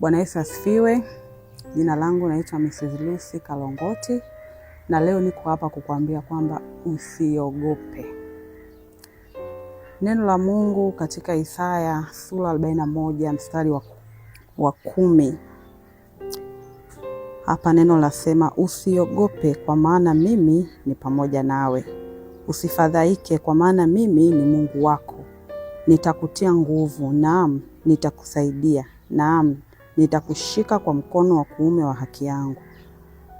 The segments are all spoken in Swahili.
Bwana Yesu asifiwe. Jina langu naitwa Mrs. Lucy Kalongoti na leo niko hapa kukuambia kwamba usiogope. Neno la Mungu katika Isaya sura 41 mstari wa, wa kumi. Hapa neno lasema, usiogope kwa maana mimi ni pamoja nawe, usifadhaike kwa maana mimi ni Mungu wako, nitakutia nguvu, naam nitakusaidia, naam nitakushika kwa mkono wa kuume wa haki yangu.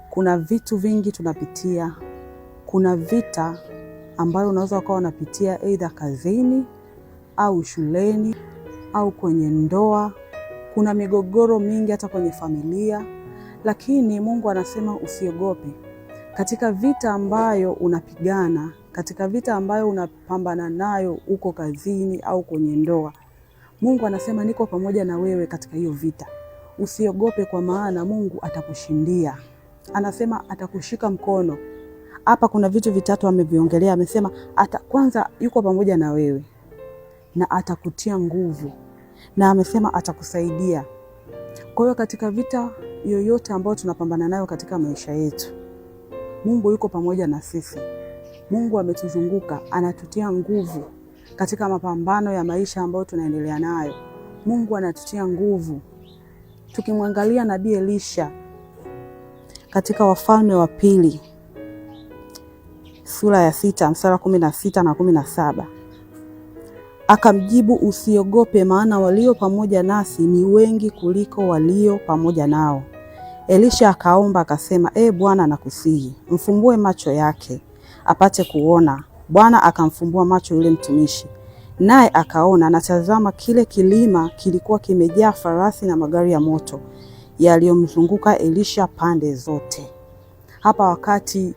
Kuna vitu vingi tunapitia, kuna vita ambayo unaweza ukawa unapitia aidha kazini au shuleni au kwenye ndoa. Kuna migogoro mingi hata kwenye familia, lakini Mungu anasema usiogope. Katika vita ambayo unapigana, katika vita ambayo unapambana nayo huko kazini au kwenye ndoa, Mungu anasema niko pamoja na wewe katika hiyo vita. Usiogope kwa maana Mungu atakushindia, anasema atakushika mkono. Hapa kuna vitu vitatu ameviongelea, amesema ata, kwanza yuko pamoja na wewe na atakutia nguvu, na amesema atakusaidia. Kwa hiyo katika vita yoyote ambayo tunapambana nayo katika maisha yetu, Mungu yuko pamoja na sisi. Mungu ametuzunguka, anatutia nguvu katika mapambano ya maisha ambayo tunaendelea nayo. Mungu anatutia nguvu tukimwangalia nabii Elisha katika Wafalme wa Pili sura ya sita mstari wa kumi na sita na kumi na saba akamjibu, usiogope, maana walio pamoja nasi ni wengi kuliko walio pamoja nao. Elisha akaomba akasema, e Bwana, nakusihi mfumbue macho yake apate kuona. Bwana akamfumbua macho yule mtumishi, Naye akaona na tazama, kile kilima kilikuwa kimejaa farasi na magari ya moto yaliyomzunguka Elisha pande zote. Hapa wakati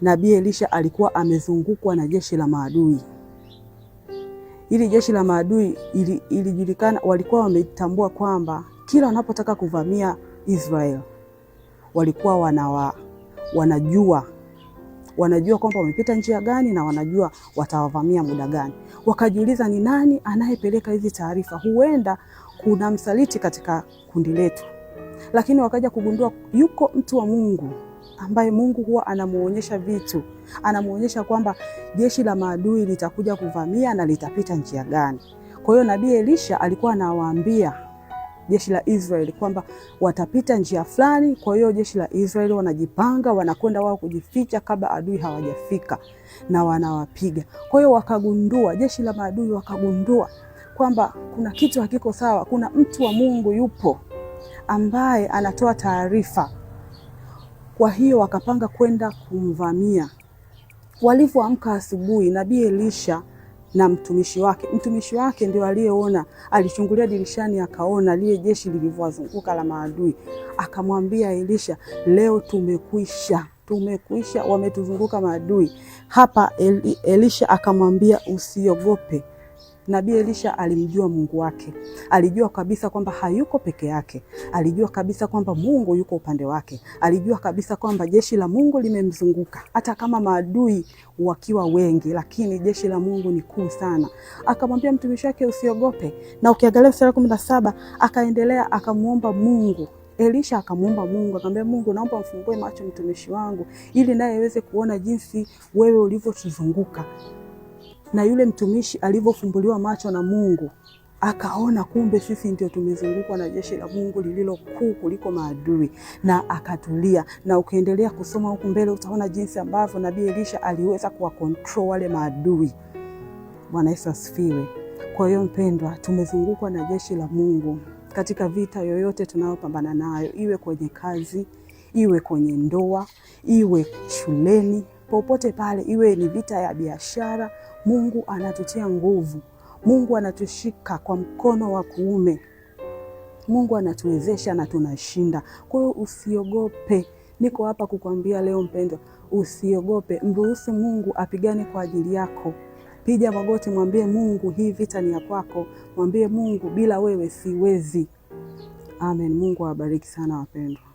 nabii Elisha alikuwa amezungukwa na jeshi la maadui. Hili jeshi la maadui ilijulikana, walikuwa wametambua kwamba kila wanapotaka kuvamia israel walikuwa wanawa, wanajua wanajua kwamba wamepita njia gani na wanajua watawavamia muda gani. Wakajiuliza, ni nani anayepeleka hizi taarifa? Huenda kuna msaliti katika kundi letu. Lakini wakaja kugundua yuko mtu wa Mungu ambaye Mungu huwa anamuonyesha vitu, anamuonyesha kwamba jeshi la maadui litakuja kuvamia na litapita njia gani. Kwa hiyo nabii Elisha alikuwa anawaambia jeshi la Israeli kwamba watapita njia fulani. Kwa hiyo jeshi la Israeli wanajipanga, wanakwenda wao kujificha kabla adui hawajafika na wanawapiga. Kwa hiyo wakagundua, jeshi la maadui wakagundua kwamba kuna kitu hakiko sawa, kuna mtu wa Mungu yupo ambaye anatoa taarifa. Kwa hiyo wakapanga kwenda kumvamia. Walivyoamka asubuhi, nabii Elisha na mtumishi wake. Mtumishi wake ndio aliyeona, alichungulia dirishani akaona lile jeshi lilivyowazunguka la maadui, akamwambia Elisha, leo tumekwisha, tumekwisha, wametuzunguka maadui. Hapa Elisha akamwambia, usiogope. Nabii Elisha alimjua Mungu wake, alijua kabisa kwamba hayuko peke yake, alijua kabisa kwamba Mungu yuko upande wake, alijua kabisa kwamba jeshi la Mungu limemzunguka, hata kama maadui wakiwa wengi, lakini jeshi la Mungu ni kuu sana. Akamwambia mtumishi wake usiogope, na ukiangalia sura kumi na saba akaendelea akamwomba Mungu Elisha akamwomba Mungu akamwambia, Mungu naomba mfumbue macho mtumishi wangu, ili naye aweze kuona jinsi wewe ulivyotuzunguka na yule mtumishi alivyofumbuliwa macho na Mungu akaona kumbe sisi ndio tumezungukwa na jeshi la Mungu lililo kuu kuliko maadui, na akatulia. Na ukiendelea kusoma huku mbele utaona jinsi ambavyo nabii Elisha aliweza kuwakontrol wale maadui. Bwana Yesu asifiwe. Kwa hiyo mpendwa, tumezungukwa na jeshi la Mungu katika vita yoyote tunayopambana nayo, iwe kwenye kazi, iwe kwenye ndoa, iwe shuleni, popote pale, iwe ni vita ya biashara Mungu anatutia nguvu, Mungu anatushika kwa mkono wa kuume, Mungu anatuwezesha na tunashinda. Kwa hiyo usiogope, niko hapa kukwambia leo mpendwa, usiogope, mruhusu Mungu apigane kwa ajili yako. Piga magoti, mwambie Mungu, hii vita ni ya kwako. Mwambie Mungu, bila wewe siwezi. Amen. Mungu awabariki sana wapendwa.